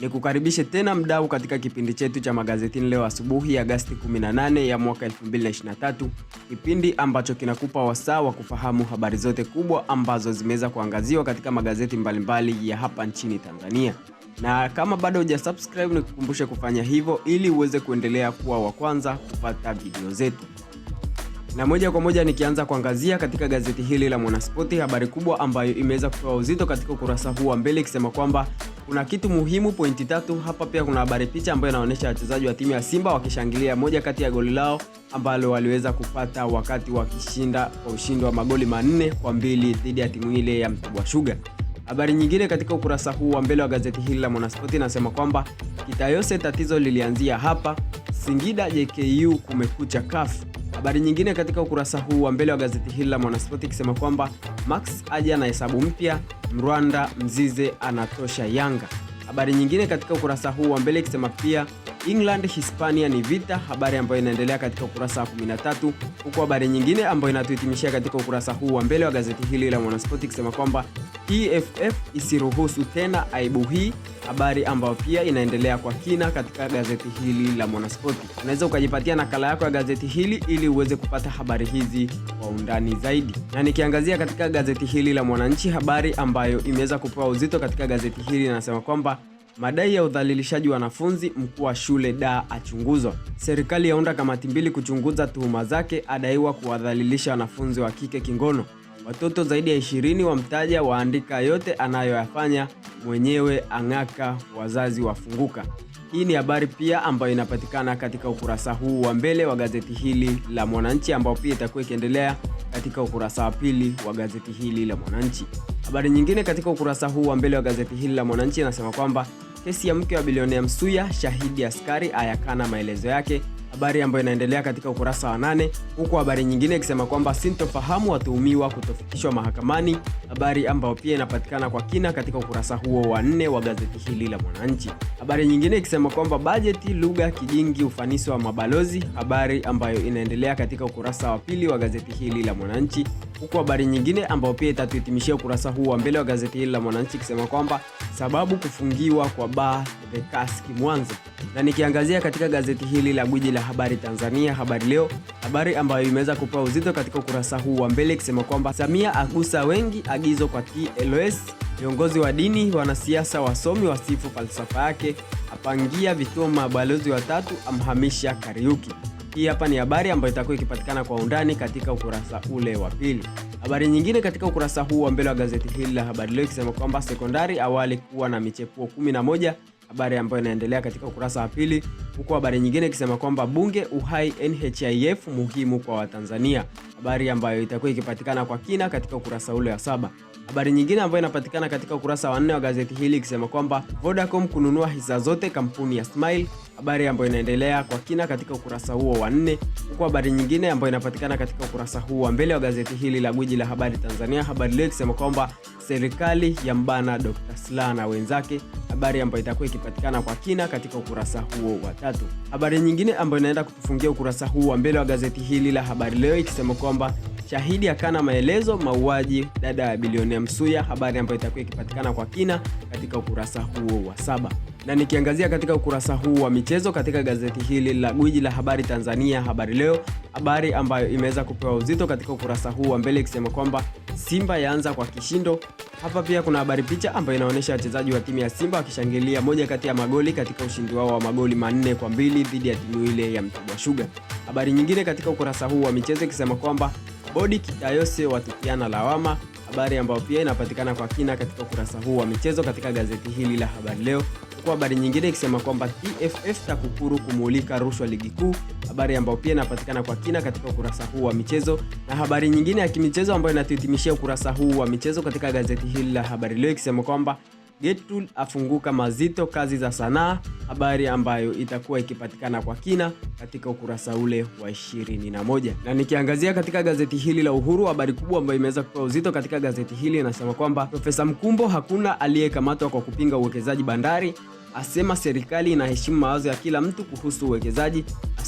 ni kukaribishe tena mdau katika kipindi chetu cha magazetini leo asubuhi Agasti 18 ya mwaka 2023, kipindi ambacho kinakupa wasaa wa kufahamu habari zote kubwa ambazo zimeweza kuangaziwa katika magazeti mbalimbali mbali ya hapa nchini Tanzania. Na kama bado hujasubscribe, nikukumbushe kufanya hivyo ili uweze kuendelea kuwa wa kwanza kupata video zetu. Na moja kwa moja nikianza kuangazia katika gazeti hili la Mwanaspoti, habari kubwa ambayo imeweza kutoa uzito katika ukurasa huu wa mbele ikisema kwamba kuna kitu muhimu, pointi tatu hapa. Pia kuna habari picha ambayo inaonyesha wachezaji wa timu ya Simba wakishangilia moja kati ya goli lao ambalo waliweza kupata wakati wakishinda kwa ushindi wa magoli manne kwa mbili dhidi ya timu ile ya mtubwa Sugar. Habari nyingine katika ukurasa huu wa mbele wa gazeti hili la Mwanaspoti inasema kwamba Kitayose, tatizo lilianzia hapa Singida, JKU kumekucha kaf Habari nyingine katika ukurasa huu wa mbele wa gazeti hili la Mwanaspoti ikisema kwamba Max aja na hesabu mpya Mrwanda Mzize anatosha Yanga. Habari nyingine katika ukurasa huu wa mbele ikisema pia England Hispania ni vita, habari ambayo inaendelea katika ukurasa wa 13, huku habari nyingine ambayo inatuhitimishia katika ukurasa huu wa mbele wa gazeti hili la Mwanaspoti ikisema kwamba TFF isiruhusu tena aibu hii, habari ambayo pia inaendelea kwa kina katika gazeti hili la Mwanaspoti. Unaweza ukajipatia nakala yako ya gazeti hili ili uweze kupata habari hizi kwa undani zaidi, na nikiangazia katika gazeti hili la Mwananchi, habari ambayo imeweza kupewa uzito katika gazeti hili inasema kwamba Madai ya udhalilishaji wanafunzi, mkuu wa shule da achunguzwa. Serikali yaunda kamati mbili kuchunguza tuhuma zake, adaiwa kuwadhalilisha wanafunzi wa kike kingono. Watoto zaidi ya ishirini wamtaja, waandika yote anayoyafanya mwenyewe, ang'aka, wazazi wafunguka. Hii ni habari pia ambayo inapatikana katika ukurasa huu wa mbele wa gazeti hili la Mwananchi, ambao pia itakuwa ikiendelea katika ukurasa wa pili wa gazeti hili la Mwananchi. Habari nyingine katika ukurasa huu wa mbele wa gazeti hili la Mwananchi inasema kwamba Kesi ya mke wa bilionea Msuya, shahidi askari ayakana maelezo yake, habari ambayo inaendelea katika ukurasa wa nane, huku habari nyingine ikisema kwamba sintofahamu watuhumiwa kutofikishwa mahakamani, habari ambayo pia inapatikana kwa kina katika ukurasa huo wa nne wa gazeti hili la Mwananchi. Habari nyingine ikisema kwamba bajeti, lugha, kijingi, ufanisi wa mabalozi, habari ambayo inaendelea katika ukurasa wa pili wa gazeti hili la Mwananchi, huku habari nyingine ambayo pia itatuhitimishia ukurasa huu wa mbele wa gazeti hili la Mwananchi ikisema kwamba sababu kufungiwa kwa baa The kaski Mwanza. Na nikiangazia katika gazeti hili la gwiji la habari Tanzania, Habari Leo, habari ambayo imeweza kupewa uzito katika ukurasa huu wa mbele ikisema kwamba Samia agusa wengi, agizo kwa TLS, viongozi wa dini, wanasiasa, wasomi wasifu falsafa yake, apangia vituo mabalozi watatu, amhamisha Kariuki. Hii hapa ni habari ambayo itakuwa ikipatikana kwa undani katika ukurasa ule wa pili. Habari nyingine katika ukurasa huu wa mbele wa gazeti hili la Habari Leo ikisema kwamba sekondari awali kuwa na michepuo 11, habari ambayo inaendelea katika ukurasa wa pili huku habari nyingine ikisema kwamba bunge uhai NHIF muhimu kwa Watanzania, habari ambayo itakuwa ikipatikana kwa kina katika ukurasa ule wa saba. Habari nyingine ambayo inapatikana katika ukurasa wa nne wa gazeti hili ikisema kwamba Vodacom kununua hisa zote kampuni ya Smile, habari ambayo inaendelea kwa kina katika ukurasa huo wa nne, huku habari nyingine ambayo inapatikana katika ukurasa huu wa mbele wa gazeti hili la gwiji la habari Tanzania, Habari Leo ikisema kwamba serikali ya mbana Dr. Slaa na wenzake habari ambayo itakuwa ikipatikana kwa kina katika ukurasa huo wa tatu. Habari nyingine ambayo inaenda kutufungia ukurasa huu wa mbele wa gazeti hili la Habari Leo ikisema kwamba shahidi akana maelezo mauaji dada ya bilionea Msuya, habari ambayo itakuwa ikipatikana kwa kina katika ukurasa huo wa saba na nikiangazia katika ukurasa huu wa michezo katika gazeti hili la gwiji la habari Tanzania, habari leo, habari ambayo imeweza kupewa uzito katika ukurasa huu wa mbele ikisema kwamba Simba yaanza kwa kishindo, hapa pia kuna habari picha ambayo inaonyesha wachezaji wa timu ya Simba wakishangilia moja kati ya magoli katika ushindi wao wa magoli manne kwa mbili dhidi ya timu ile ya Mtibwa Sugar. Habari nyingine katika ukurasa huu wa michezo ikisema kwamba bodi kidayose watupiana lawama habari ambayo pia inapatikana kwa kina katika ukurasa huu wa michezo katika gazeti hili la Habari Leo, huku habari nyingine ikisema kwamba TFF e TAKUKURU kumulika rushwa ligi kuu, habari ambayo pia inapatikana kwa kina katika ukurasa huu wa michezo. Na habari nyingine ya kimichezo ambayo inatuhitimishia ukurasa huu wa michezo katika gazeti hili la Habari Leo ikisema kwamba Getrude afunguka mazito kazi za sanaa, habari ambayo itakuwa ikipatikana kwa kina katika ukurasa ule wa 21. Na nikiangazia katika gazeti hili la Uhuru, habari kubwa ambayo imeweza kupewa uzito katika gazeti hili inasema kwamba Profesa Mkumbo, hakuna aliyekamatwa kwa kupinga uwekezaji bandari, asema serikali inaheshimu mawazo ya kila mtu kuhusu uwekezaji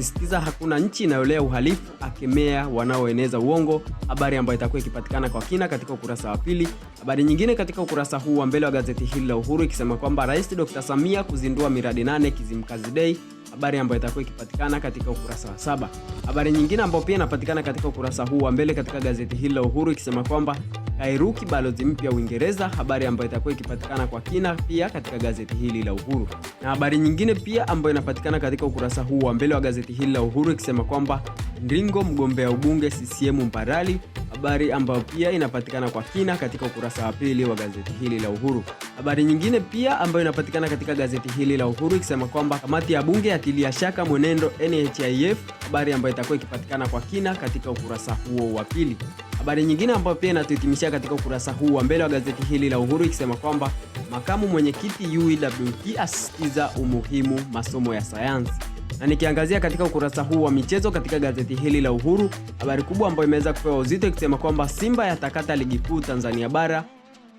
kusisitiza hakuna nchi inayolea uhalifu, akemea wanaoeneza uongo, habari ambayo itakuwa ikipatikana kwa kina katika ukurasa wa pili. Habari nyingine katika ukurasa huu wa mbele wa gazeti hili la Uhuru ikisema kwamba Rais Dr. Samia kuzindua miradi nane Kizimkazi Day, habari ambayo itakuwa ikipatikana katika ukurasa wa saba. Habari nyingine ambayo pia inapatikana katika ukurasa huu wa mbele katika gazeti hili la Uhuru ikisema kwamba Kairuki balozi mpya Uingereza, habari ambayo itakuwa ikipatikana kwa kina pia katika gazeti hili la Uhuru, na habari nyingine pia ambayo inapatikana katika ukurasa huu wa mbele wa gazeti hili la Uhuru ikisema kwamba Ndingo mgombea ubunge CCM Mbarali, habari ambayo pia inapatikana kwa kina katika ukurasa wa pili wa gazeti hili la Uhuru. Habari nyingine pia ambayo inapatikana katika gazeti hili la Uhuru ikisema kwamba kamati ya bunge yatilia shaka mwenendo NHIF, habari ambayo itakuwa ikipatikana kwa kina katika ukurasa huo wa pili. Habari nyingine ambayo pia inatuhitimishia katika ukurasa huu wa mbele wa gazeti hili la Uhuru ikisema kwamba makamu mwenyekiti UWT e asisitiza umuhimu masomo ya sayansi. Na nikiangazia katika ukurasa huu wa michezo katika gazeti hili la Uhuru, habari kubwa ambayo imeweza kupewa uzito ikisema kwamba Simba yatakata ligi kuu Tanzania bara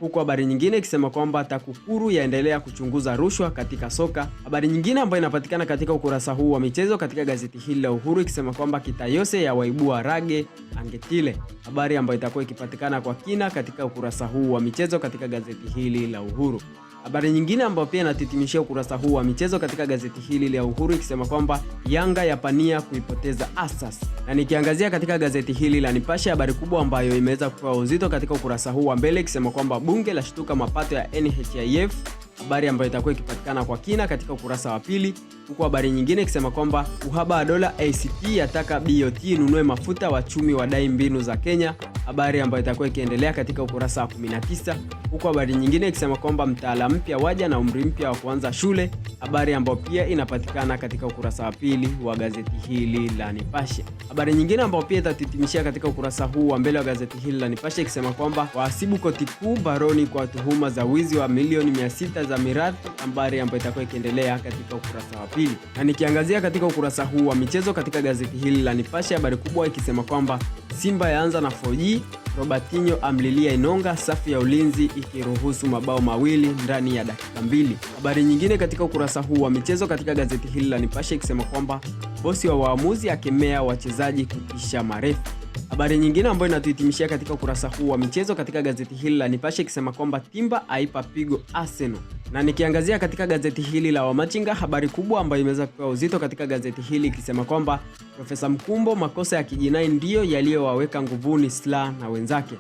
huku habari nyingine ikisema kwamba TAKUKURU yaendelea kuchunguza rushwa katika soka. Habari nyingine ambayo inapatikana katika ukurasa huu wa michezo katika gazeti hili la Uhuru ikisema kwamba Kitayose yawaibua Rage Angetile, habari ambayo itakuwa ikipatikana kwa kina katika ukurasa huu wa michezo katika gazeti hili la Uhuru. Habari nyingine ambayo pia inatitimishia ukurasa huu wa michezo katika gazeti hili la Uhuru ikisema kwamba Yanga yapania kuipoteza Asas, na nikiangazia katika gazeti hili la Nipashe, habari kubwa ambayo imeweza kupewa uzito katika ukurasa huu wa mbele ikisema kwamba bunge la shtuka mapato ya NHIF, habari ambayo itakuwa ikipatikana kwa kina katika ukurasa wa pili, huku habari nyingine ikisema kwamba uhaba wa dola, ACT yataka BOT inunue mafuta, wachumi wadai mbinu za Kenya habari ambayo itakuwa ikiendelea katika ukurasa wa 19, huku habari nyingine ikisema kwamba mtaala mpya waja na umri mpya wa kuanza shule, habari ambayo pia inapatikana katika ukurasa wa pili wa gazeti hili la Nipashe. Habari nyingine ambayo pia itatitimishia katika ukurasa huu wa mbele wa gazeti hili la Nipashe ikisema kwamba wahasibu koti kuu baroni kwa tuhuma za wizi wa milioni 600 za mirathi, habari ambayo itakuwa ikiendelea katika ukurasa wa pili. Na nikiangazia katika ukurasa huu wa michezo katika gazeti hili la Nipashe, habari kubwa ikisema kwamba Simba yaanza na 4G, Robertinho amlilia Inonga, safu ya ulinzi ikiruhusu mabao mawili ndani ya dakika mbili. Habari nyingine katika ukurasa huu wa michezo katika gazeti hili la Nipashe ikisema kwamba bosi wa waamuzi akemea wachezaji kutisha marefu. Habari nyingine ambayo inatuhitimishia katika ukurasa huu wa michezo katika gazeti hili la Nipashe ikisema kwamba timba aipa pigo Arsenal. Na nikiangazia katika gazeti hili la Wamachinga, habari kubwa ambayo imeweza kupewa uzito katika gazeti hili ikisema kwamba Profesa Mkumbo, makosa ya kijinai ndiyo yaliyowaweka nguvuni Sla na wenzake.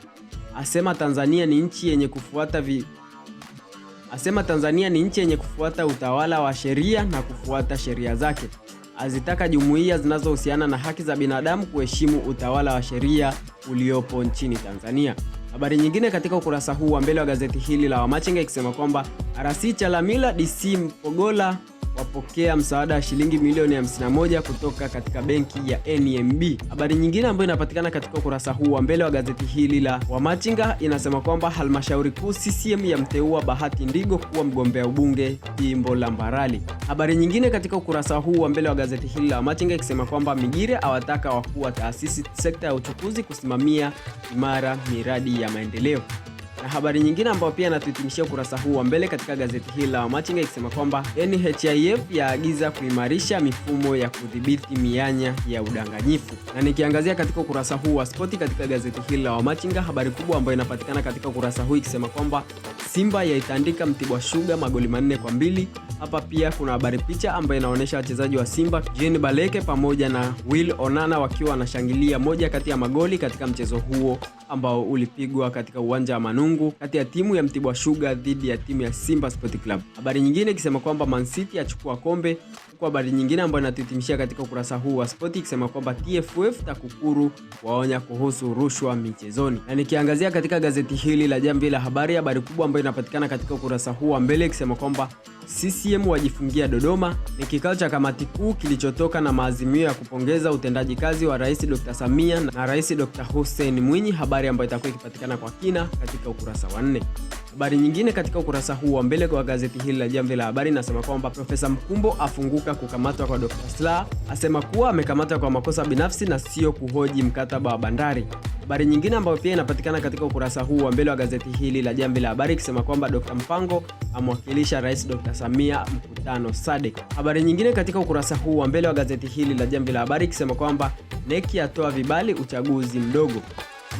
Asema Tanzania ni nchi yenye kufuata vi... Asema Tanzania ni nchi yenye kufuata utawala wa sheria na kufuata sheria zake azitaka jumuiya zinazohusiana na haki za binadamu kuheshimu utawala wa sheria uliopo nchini Tanzania. Habari nyingine katika ukurasa huu wa mbele wa gazeti hili la Wamachinga ikisema kwamba RC Chalamila DC Mpogola wapokea msaada wa shilingi milioni 51 kutoka katika benki ya NMB. E Habari nyingine ambayo inapatikana katika ukurasa huu wa mbele wa gazeti hili la Wamachinga inasema kwamba halmashauri kuu CCM yamteua Bahati Ndigo kuwa mgombea ubunge jimbo la Mbarali. Habari nyingine katika ukurasa huu wa mbele wa gazeti hili la Wamachinga ikisema kwamba Migire awataka wakuu wa taasisi sekta ya uchukuzi kusimamia imara miradi ya maendeleo. Na habari nyingine ambayo pia inatuhitimishia ukurasa huu wa mbele katika gazeti hili la Wamachinga ikisema kwamba NHIF yaagiza kuimarisha mifumo ya kudhibiti mianya ya udanganyifu. Na nikiangazia katika ukurasa huu wa spoti katika gazeti hili la Wamachinga, habari kubwa ambayo inapatikana katika ukurasa huu ikisema kwamba Simba yaitandika Mtibwa Sugar magoli manne kwa mbili. Hapa pia kuna habari picha ambayo inaonyesha wachezaji wa Simba Jean Baleke pamoja na Will Onana wakiwa wanashangilia moja kati ya magoli katika mchezo huo ambao ulipigwa katika uwanja wa Manungu Mungu kati ya timu ya Mtibwa Sugar dhidi ya timu ya Simba Sport Club. Habari nyingine ikisema kwamba Man City achukua kombe, huku habari nyingine ambayo inatuhitimishia katika ukurasa huu wa spoti ikisema kwamba TFF TAKUKURU waonya kuhusu rushwa michezoni. Na nikiangazia katika gazeti hili la Jamvi la Habari, habari kubwa ambayo inapatikana katika ukurasa huu wa mbele ikisema kwamba CCM wajifungia Dodoma ni kikao cha kamati kuu kilichotoka na maazimio ya kupongeza utendaji kazi wa Rais Dr. Samia na Rais Dr. Hussein Mwinyi, habari ambayo itakuwa ikipatikana kwa kina katika ukurasa wa nne. Habari nyingine katika ukurasa huu wa mbele kwa gazeti hili la Jamvi la Habari inasema kwamba Profesa Mkumbo afunguka kukamatwa kwa Dr. Slaa, asema kuwa amekamatwa kwa makosa binafsi na sio kuhoji mkataba wa bandari. Habari nyingine ambayo pia inapatikana katika ukurasa huu wa mbele wa gazeti hili la Jamvi la Habari ikisema kwamba Dr. Mpango amwakilisha Rais Dr. Samia mkutano SADC. Habari nyingine katika ukurasa huu wa mbele wa gazeti hili la Jamvi la Habari ikisema kwamba NEC atoa vibali uchaguzi mdogo.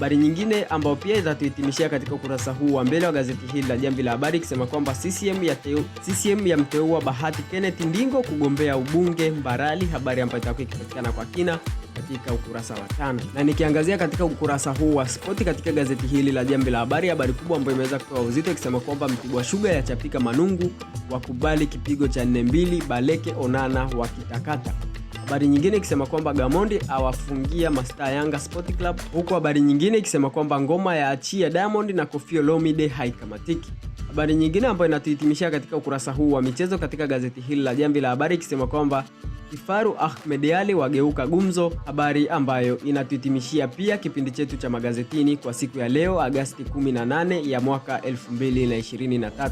Habari nyingine ambayo pia itatuhitimishia katika ukurasa huu wa mbele wa gazeti hili la Jamvi la Habari ikisema kwamba CCM ya teu, CCM ya mteua Bahati Kenneth Ndingo kugombea ubunge Mbarali, habari ambayo itakuwa ikipatikana kwa kina katika ukurasa wa tano. Na nikiangazia katika ukurasa huu wa spoti katika gazeti hili la Jamvi la Habari, habari kubwa ambayo imeweza kutoa uzito ikisema kwamba Mtibwa Sugar yachapika Manungu, wakubali kipigo cha 4 2 Baleke Onana wakitakata Habari nyingine ikisema kwamba Gamondi awafungia mastaa Yanga Sport Club, huku habari nyingine ikisema kwamba ngoma ya achia Diamond na kofio lomide haikamatiki. Habari nyingine ambayo inatuhitimishia katika ukurasa huu wa michezo katika gazeti hili la Jamvi la Habari ikisema kwamba Kifaru Ahmed wageuka gumzo, habari ambayo inatuhitimishia pia kipindi chetu cha magazetini kwa siku ya leo Agasti 18 ya mwaka 2023.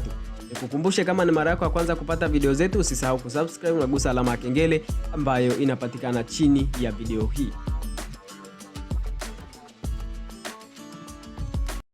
Nikukumbushe, kama ni mara yako ya kwanza kupata video zetu, usisahau kusubscribe na gusa alama ya kengele ambayo inapatikana chini ya video hii.